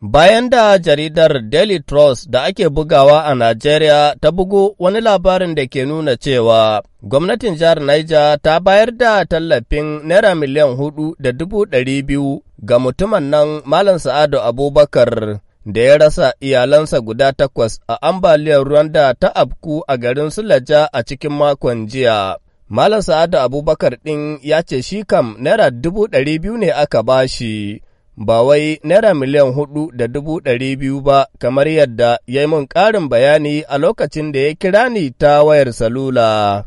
Bayan da jaridar Daily Trust da ake bugawa a Najeriya ta bugu wani labarin da ke nuna cewa gwamnatin jihar Niger ta bayar da tallafin Naira miliyan hudu da dubu ɗari biyu ga mutumin nan Malam Sa'adu Abubakar da ya rasa iyalansa guda takwas a ambaliyar ruwan da ta afku a garin Sulaja a cikin makon jiya. Malam Sa'adu Abubakar ɗin ya ce shi kam Naira dubu ɗari biyu ne aka bashi. ba wai naira miliyan hudu da dubu ɗari biyu ba kamar yadda ya yi mun ƙarin bayani a lokacin da ya kira ni ta wayar salula.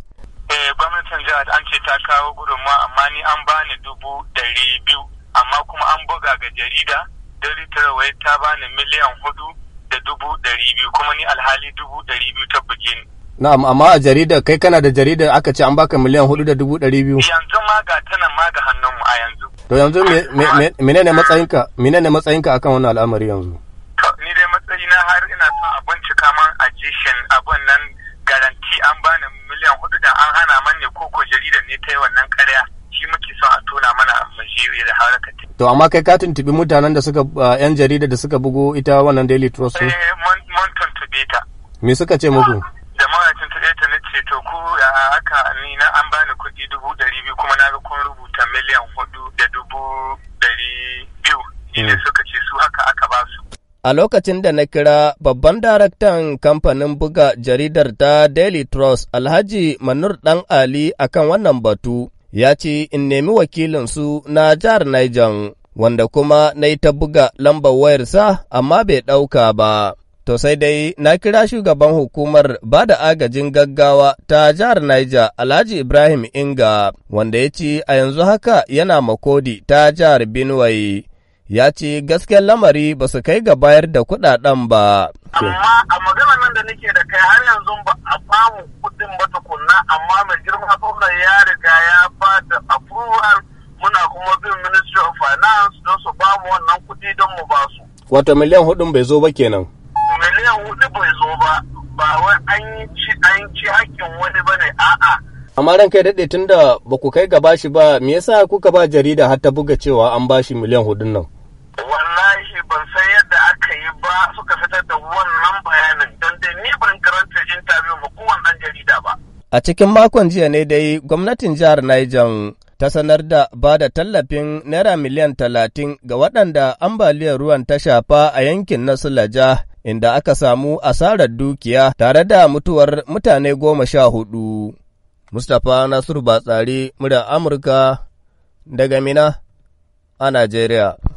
Eh gwamnatin jihar an ce ta kawo gudunmawa amma ni an bani dubu ɗari biyu amma kuma an buga ga jarida dari wai ta bani miliyan hudu da dubu ɗari biyu kuma ni alhali dubu ɗari biyu ta buge ni. Na'am amma a jarida kai kana da jarida aka ce an baka miliyan hudu da dubu ɗari biyu. Yanzu ma ga tana to yanzu menene matsayinka menene matsayinka akan wannan al'amari yanzu to ni dai matsayi na har ina son a bincika man ajishin abun nan garanti an bani miliyan hudu da an hana man ne ko ko jaridar ne ta yi wannan karya shi muke son a tona mana majiyar da harakati to amma kai ka tuntubi mutanen da suka yan jarida da suka bugo ita wannan daily trust eh mun tuntube ta me suka ce muku jama'a tuntube ta ne ce to ku aka ni na an bani kuɗi dubu A lokacin da na kira babban daraktan kamfanin buga jaridar ta Daily Trust Alhaji Manur Dan Ali akan wannan batu, ya ce in nemi wakilinsu na jihar Niger, wanda kuma na yi ta buga lambar wayarsa amma bai ɗauka ba. To sai dai na kira shugaban hukumar ba da agajin gaggawa ta jihar Niger Alhaji Ibrahim Inga, wanda ya ce a yanzu haka yana makodi ta jihar Benue. ya ce gasken lamari ba su kai ga bayar da kuɗaɗen ba. Amma a magana nan da nake da kai har yanzu ba a bamu kuɗin ba tukunna amma mai girma kuma ya riga ya ba da approval muna kuma bin Ministry of Finance don su bamu wannan kuɗi don mu ba su. Wato miliyan hudun bai zo ba kenan. Miliyan hudu bai zo ba ba wai an yi ci an ci hakkin wani bane a'a. amma ran kai daɗe tun da ba ku kai ga bashi ba me yasa kuka ba jarida har ta buga cewa an bashi miliyan hudun nan A cikin makon jiya ne dai gwamnatin jihar Niger ta sanar da ba da tallafin naira miliyan talatin ga waɗanda ambaliyar ruwan ta shafa a yankin na Sulaja inda aka samu asarar dukiya tare da mutuwar mutane goma sha hudu. Mustapha Nasiru Batsari, murar Amurka daga Mina a Najeriya.